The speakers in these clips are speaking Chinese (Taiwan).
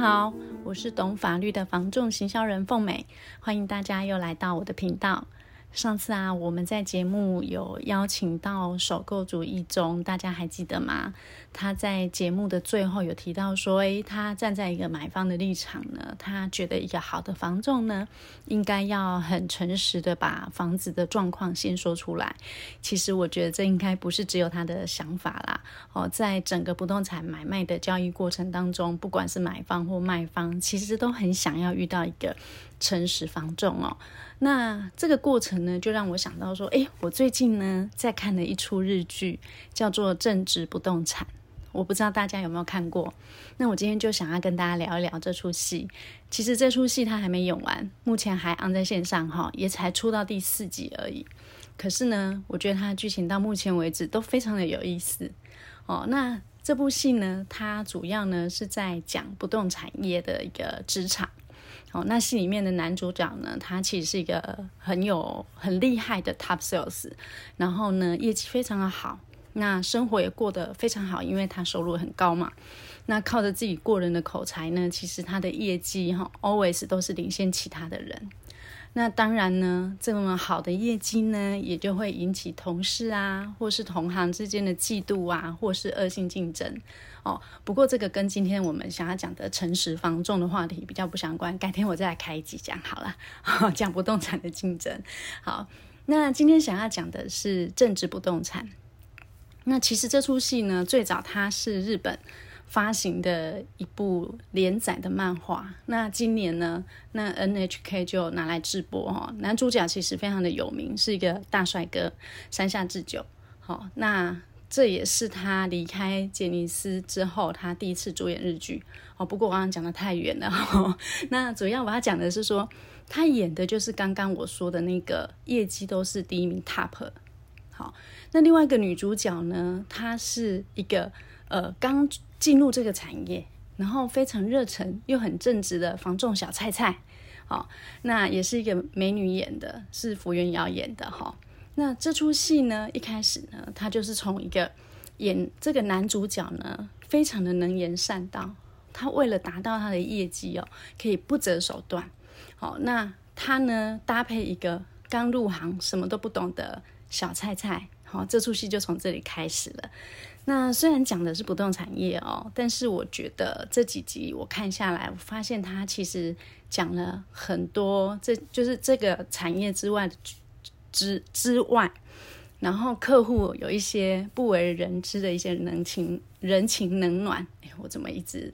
好，我是懂法律的房仲行銷人鳳美，歡迎大家又來到我的頻道。上次啊，我們在節目有邀請到首購族易宗，大家還記得嗎？他在節目的最後有提到說，誒，他站在一個買方的立場呢，他覺得一個好的房仲呢，應該要很誠實的把房子的狀況先說出來。其實我覺得這應該不是只有他的想法啦。哦，在整個不動產買賣的交易過程當中，不管是買方或賣方，其實都很想要遇到一個。誠實房仲哦，那這個過程呢，就讓我想到說，哎，我最近呢在看了一出日劇，叫做《正直不動產》，我不知道大家有沒有看過。那我今天就想要跟大家聊一聊這出戲。其實這出戲它還沒演完，目前還 on 在線上哈，也才出到第四集而已。可是呢，我覺得它的劇情到目前為止都非常的有意思哦。那這部戲呢，它主要呢是在講不動產業的一個職場。哦，那戲裡面的男主角呢，他其實是一個很有很厲害的 top sales，然後呢，業績非常的好，那生活也過得非常好，因為他收入很高嘛。那靠着自己過人的口才呢，其實他的業績哈、哦、always 都是領先其他的人。那當然呢，這麼好的業績呢，也就會引起同事啊，或是同行之間的嫉妒啊，或是惡性競爭哦。不過這個跟今天我們想要講的誠實房仲的話題比較不相關，改天我再來開一集講好了，哦，講不動產的競爭。好，那今天想要講的是正直不動產。那其實這出戲呢，最早它是日本。發行的一部連載的漫畫，那今年呢，那 NHK 就拿來直播哈。男主角其實非常的有名，是一個大帥哥山下智久。好，那這也是他離開傑尼斯之後，他第一次主演日劇。哦，不過我剛剛講得太遠了，那主要我要講的是說，他演的就是剛剛我說的那個業績都是第一名 Top。好，那另外一個女主角呢，她是一個呃剛。進入這個產業，然後非常熱忱又很正直的房仲小菜菜，好、哦，那也是一個美女演的，是福原遙演的哈、哦。那這出戲呢，一開始呢，他就是從一個演這個男主角呢，非常的能言善道，他為了達到他的業績哦，可以不擇手段。好、哦，那他呢搭配一個剛入行什麼都不懂的小菜菜，好、哦，這出戲就從這裡開始了。那雖然講的是不動產業哦，但是我覺得這幾集我看下來，我發現他其實講了很多這，這就是這個產業之外之之外，然後客戶有一些不為人知的一些能情人情人情冷暖。哎，我怎麼一直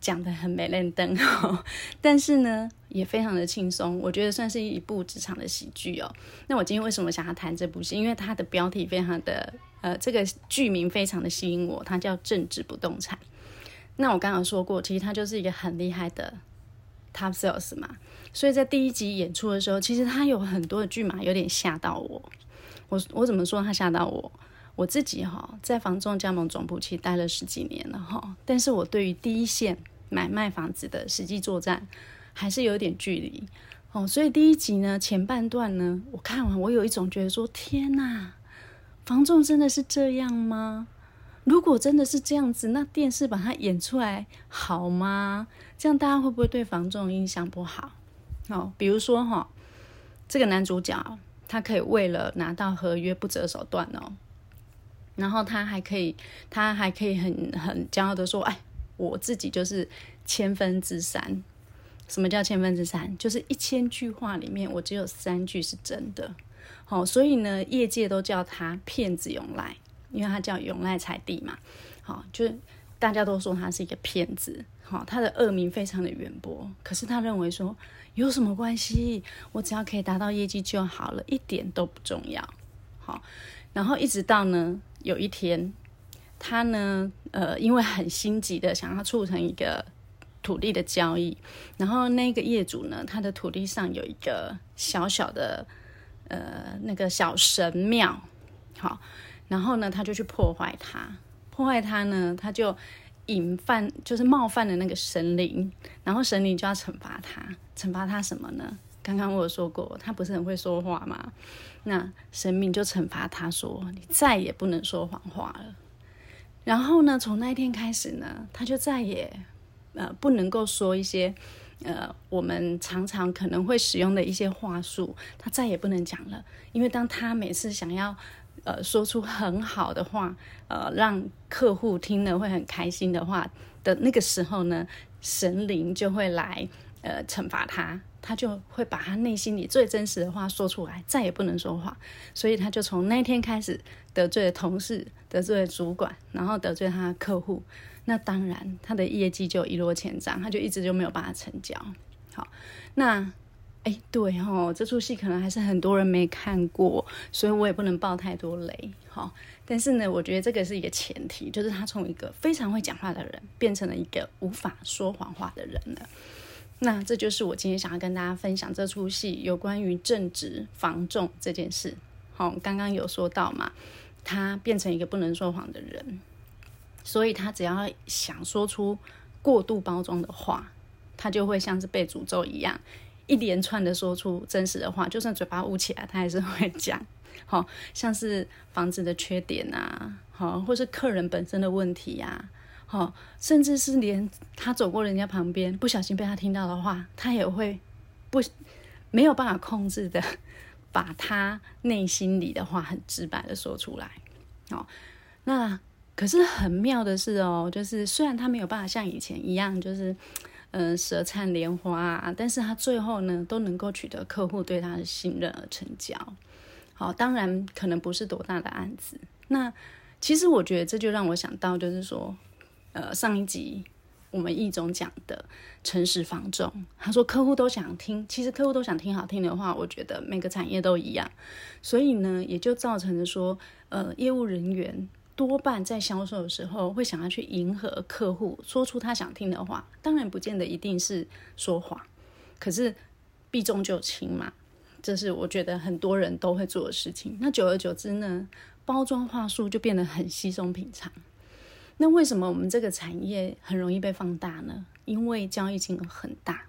講的很沒亮燈哦，但是呢。也非常的輕鬆，我覺得算是一部職場的喜劇哦。那我今天為什麼想要談這部戲？因為它的標題非常的，呃，這個劇名非常的吸引我，它叫《正直不動產》。那我剛剛說過，其實它就是一個很厲害的 top sales 嘛。所以在第一集演出的時候，其實它有很多的劇碼，有點嚇到我。我我怎麼說它嚇到我？我自己哈、哦，在房仲加盟總部其實待了十幾年了哈、哦，但是我對於第一線買賣房子的實際作戰，還是有點距離哦，所以第一集呢，前半段呢，我看完我有一種覺得說：天吶，房仲真的是這樣嗎？如果真的是這樣子，那電視把它演出來好嗎？這樣大家會不會對房仲印象不好？哦，比如說哈、哦，這個男主角他可以為了拿到合約不擇手段哦，然後他還可以，他還可以很很驕傲的說：哎，我自己就是千分之三。什麼叫千分之三？就是一千句話裡面，我只有三句是真的。好、哦，所以呢，業界都叫他騙子永瀨，因為他叫永瀨財地嘛。好、哦，就大家都說他是一個騙子。好、哦，他的惡名非常的遠播。可是他認為說有什麼關係？我只要可以達到業績就好了，一點都不重要。好、哦，然後一直到呢，有一天，他呢，呃，因為很心急的想要促成一個。土地的交易，然後那個業主呢，他的土地上有一個小小的呃那個小神廟，好，然後呢，他就去破壞它，破壞它呢，他就引犯就是冒犯了那個神靈，然後神靈就要懲罰他，懲罰他什麼呢？剛剛我有說過，他不是很會說話嗎？那神明就懲罰他說，你再也不能說謊話了。然後呢，從那一天開始呢，他就再也。呃，不能夠說一些，呃，我們常常可能會使用的一些話術，他再也不能講了。因為當他每次想要，呃，說出很好的話，呃，讓客戶聽了會很開心的話的那個時候呢，神靈就會來，呃，懲罰他，他就會把他內心裡最真實的話說出來，再也不能說話。所以他就從那天開始得罪了同事，得罪了主管，然後得罪他的客戶。那當然，他的業績就一落千丈，他就一直就沒有辦法成交。好，那，哎，對哦，這出戲可能還是很多人沒看過，所以我也不能爆太多雷。好，哦，但是呢，我覺得這個是一個前提，就是他從一個非常會講話的人，變成了一個無法說謊話的人了。那這就是我今天想要跟大家分享這出戲有關於正直不動產這件事。好，哦，剛剛有說到嘛，他變成一個不能說謊的人。所以他只要想說出過度包裝的話，他就會像是被詛咒一樣，一連串的說出真實的話。就算嘴巴捂起來，他還是會講。好、哦，像是房子的缺點啊，好、哦，或是客人本身的問題呀、啊，好、哦，甚至是連他走過人家旁邊不小心被他聽到的話，他也會不沒有辦法控制的把他內心裡的話很直白的說出來。好、哦，那。可是很妙的是哦，就是雖然他沒有辦法像以前一樣，就是嗯舌燦蓮花啊，但是他最後呢都能夠取得客戶對他的信任而成交。好，當然可能不是多大的案子。那其實我覺得這就讓我想到，就是說，呃上一集我們易宗講的誠實房仲，他說客戶都想聽，其實客戶都想聽好聽的話。我覺得每個產業都一樣，所以呢也就造成了說，呃業務人員。多半在銷售的時候會想要去迎合客戶，說出他想聽的話。當然，不見得一定是說謊，可是避重就輕嘛，這是我覺得很多人都會做的事情。那久而久之呢，包裝話術就變得很稀鬆平常。那為什麼我們這個產業很容易被放大呢？因為交易金額很大，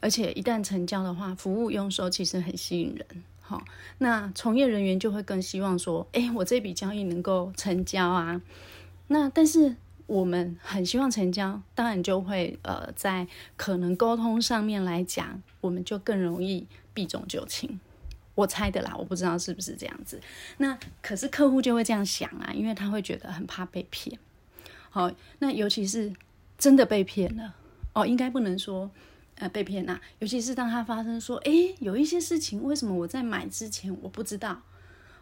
而且一旦成交的話，服務佣收其實很吸引人。好，那從業人員就會更希望說，哎、欸，我這筆交易能夠成交啊。那但是我們很希望成交，當然就會呃，在可能溝通上面來講，我們就更容易避重就輕。我猜的啦，我不知道是不是這樣子。那可是客戶就會這樣想啊，因為他會覺得很怕被騙。好，那尤其是真的被騙了哦，應該不能說。呃，被騙啦、啊，尤其是當他發生說，哎，有一些事情，為什麼我在買之前我不知道？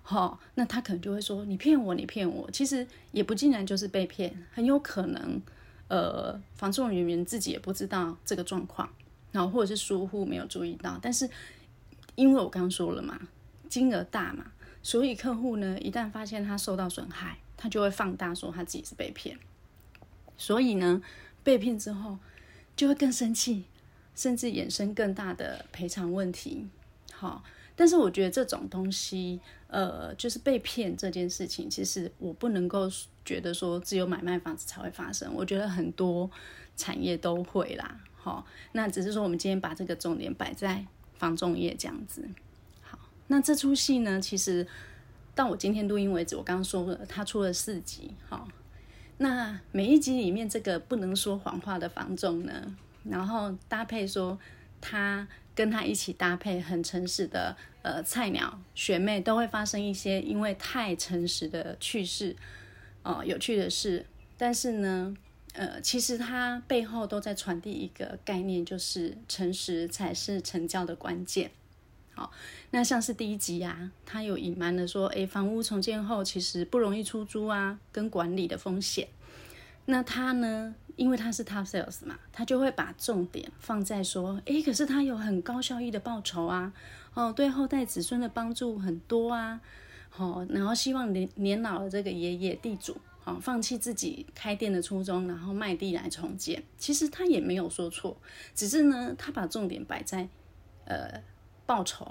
好、哦、那他可能就會說：“你騙我，你騙我！”其實也不盡然就是被騙，很有可能，呃，房仲人員自己也不知道這個狀況，然後或者是疏忽沒有注意到。但是因為我剛剛說了嘛，金額大嘛，所以客戶呢，一旦發現他受到損害，他就會放大說他自己是被騙。所以呢，被騙之後就會更生氣。甚至衍生更大的賠償問題，好，但是我覺得這種東西，呃，就是被騙這件事情，其實我不能夠覺得說只有買賣房子才會發生，我覺得很多產業都會啦，好，那只是說我們今天把這個重點擺在房仲業這樣子，好，那這出戲呢，其實到我今天錄音為止，我剛剛說了，它出了四集，好，那每一集裡面這個不能說謊話的房仲呢？然後搭配說，他跟他一起搭配很誠實的呃菜鳥學妹，都會發生一些因為太誠實的趣事，哦、呃，有趣的事。但是呢，呃，其實他背後都在傳遞一個概念，就是誠實才是成交的關鍵。好、哦，那像是第一集呀、啊，他有隱瞞了說，哎，房屋重建後其實不容易出租啊，跟管理的風險。那他呢？因為他是 top sales 嘛，他就會把重點放在說誒，可是他有很高效益的報酬啊，哦，對後代子孫的幫助很多啊，好、哦，然後希望年年老的這個爺爺地主、哦，放棄自己開店的初衷，然後賣地來重建。其實他也沒有說錯，只是呢，他把重點擺在，呃，報酬。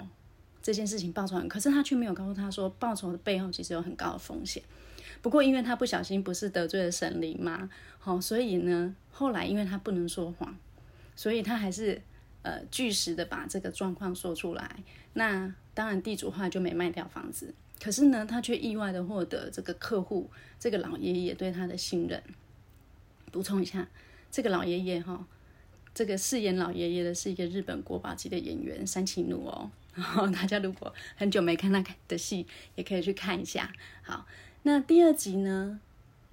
這件事情報酬，可是他卻沒有告訴他說，報酬的背後其實有很高的風險。不過，因為他不小心不是得罪了神靈嘛好、哦，所以呢，後來因為他不能說謊，所以他還是呃據實的把這個狀況說出來。那當然，地主話就沒賣掉房子。可是呢，他卻意外的獲得這個客戶這個老爺爺對他的信任。補充一下，這個老爺爺哈、哦，這個飾演老爺爺的是一個日本國寶級的演員山崎努哦。然後大家如果很久沒看他看的戲，也可以去看一下。好，那第二集呢，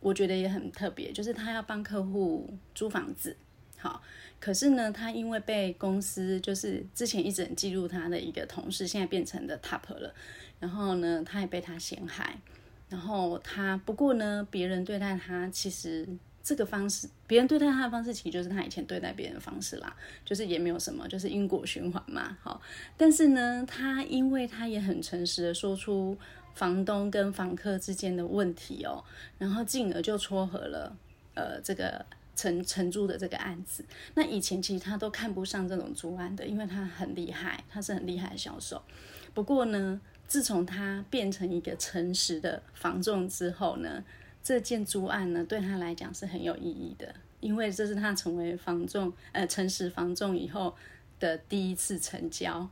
我覺得也很特別，就是他要幫客戶租房子，好，可是呢，他因為被公司就是之前一直很嫉妒他的一個同事，現在變成了 top 了，然後呢，他也被他陷害，然後他不過呢，別人對待他其實。這個方式，別人對待他的方式，其實就是他以前對待別人的方式啦，就是也沒有什麼，就是因果循環嘛。好，哦，但是呢，他因為他也很誠實的說出房東跟房客之間的問題哦，然後進而就撮合了呃這個承承租的這個案子。那以前其實他都看不上這種租案的，因為他很厲害，他是很厲害的銷售。不過呢，自從他變成一個誠實的房仲之後呢，這件租案呢，對他來講是很有意義的，因為這是他成為房仲，呃，誠實房仲以後的第一次成交，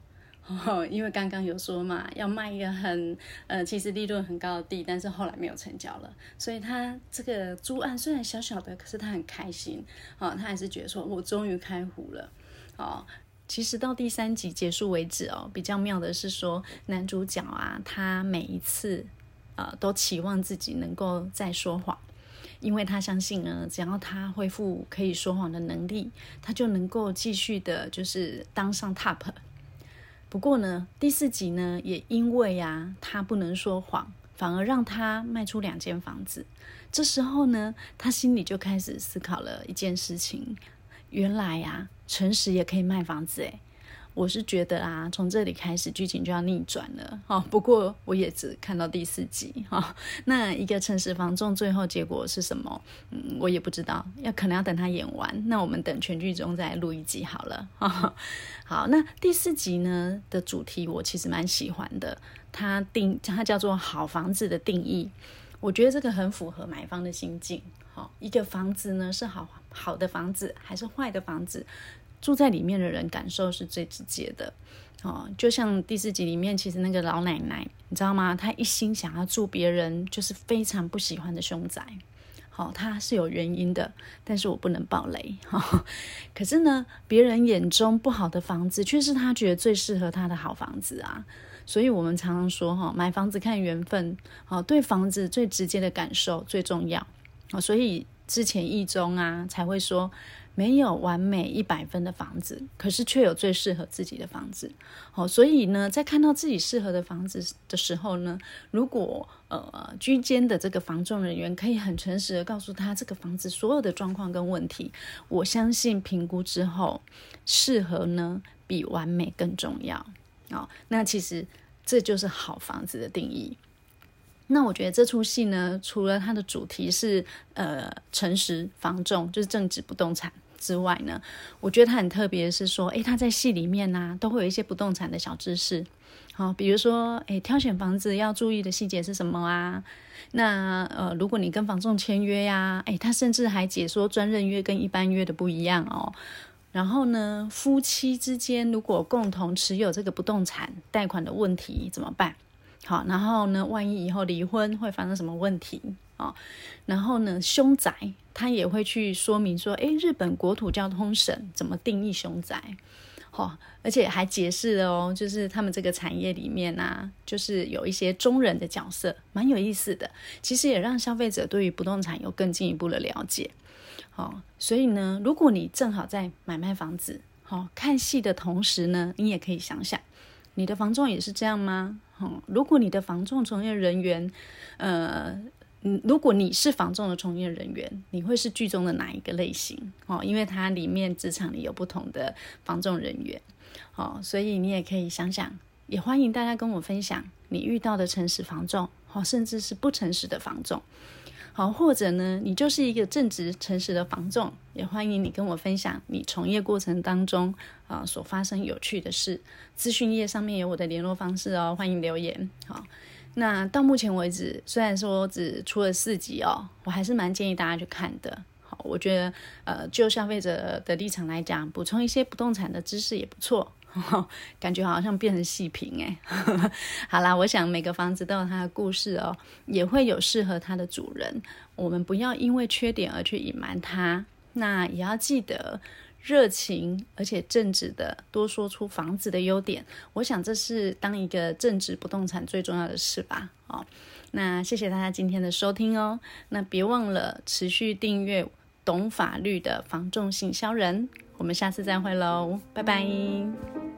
哦。因為剛剛有說嘛，要賣一個很，呃，其實利潤很高的地，但是後來沒有成交了。所以他這個租案雖然小小的，可是他很開心。哦，他還是覺得說，我終於開胡了。哦，其實到第三集結束為止哦，比較妙的是說，男主角啊，他每一次。都期望自己能夠再說謊，因為他相信呢，只要他恢復可以說謊的能力，他就能夠繼續的，就是當上 Top。不過呢，第四集呢，也因為呀，他不能說謊，反而讓他賣出兩間房子。這時候呢，他心裡就開始思考了一件事情：原來呀，誠實也可以賣房子誒。我是覺得啊，從這裡開始劇情就要逆轉了，哦，不過我也只看到第四集哈，哦，那一個誠實房仲最後結果是什麼？嗯，我也不知道，要可能要等他演完。那我們等全劇終再錄一集好了哈。哦嗯，好，那第四集呢的主題我其實蠻喜歡的，它定它叫做好房子的定義。我覺得這個很符合買方的心境，哦，一個房子呢是好好的房子還是壞的房子？住在裡面的人感受是最直接的，哦，就像第四集裡面，其實那個老奶奶，你知道嗎？她一心想要住別人，就是非常不喜歡的凶宅，好，她是有原因的，但是我不能暴雷哈。可是呢，別人眼中不好的房子，卻是她覺得最適合她的好房子啊。所以，我們常常說哈，買房子看緣分，好，對房子最直接的感受最重要，所以之前易宗啊才會說。沒有完美一百分的房子，可是卻有最適合自己的房子。好、哦，所以呢，在看到自己適合的房子的時候呢，如果呃居間的這個房仲人員可以很誠實地告訴他這個房子所有的狀況跟問題，我相信評估之後，適合呢比完美更重要。好、哦，那其實這就是好房子的定義。那我覺得這出戲呢，除了它的主題是呃誠實房仲，就是正直不動產之外呢，我覺得它很特別是說，哎，它在戲裡面呢、啊、都會有一些不動產的小知識，好、哦，比如說哎挑選房子要注意的細節是什麼啊？那呃如果你跟房仲簽約呀、啊，哎，他甚至還解說專任約跟一般約的不一樣哦。然後呢，夫妻之間如果共同持有這個不動產，貸款的問題怎麼辦？好，然後呢，萬一以後離婚會發生什麼問題啊？然後呢，凶宅他也會去說明說，哎，日本國土交通省怎麼定義凶宅？好，而且還解釋了哦，就是他們這個產業裡面吶，就是有一些中人的角色，蠻有意思的。其實也讓消費者對於不動產有更進一步的了解。好，所以呢，如果你正好在買賣房子，好，看戲的同時呢，你也可以想想。你的房仲也是這樣嗎？哈、哦，如果你的房仲從業人員，呃，如果你是房仲的從業人員，你會是劇中的哪一個類型？哦，因為它裡面職場裡有不同的房仲人員，哦，所以你也可以想想，也歡迎大家跟我分享你遇到的誠實房仲，哦，甚至是不誠實的房仲。好，或者呢，你就是一個正直誠實的房仲，也歡迎你跟我分享你從業過程當中啊所發生有趣的事。資訊頁上面有我的聯絡方式哦，歡迎留言。好，那到目前為止，雖然說只出了四集哦，我還是蠻建議大家去看的。好，我覺得呃，就消費者的立場來講，補充一些不動產的知識也不錯。哦、感覺好像變成戲評哎， 好啦，我想每個房子都有它的故事哦，也會有適合它的主人。我們不要因為缺點而去隱瞞它，那也要記得熱情而且正直的多說出房子的優點。我想這是當一個正直不動產最重要的事吧。哦，那謝謝大家今天的收聽哦，那別忘了持續訂閱懂法律的房仲行銷人。我們下次再會嘍，拜拜。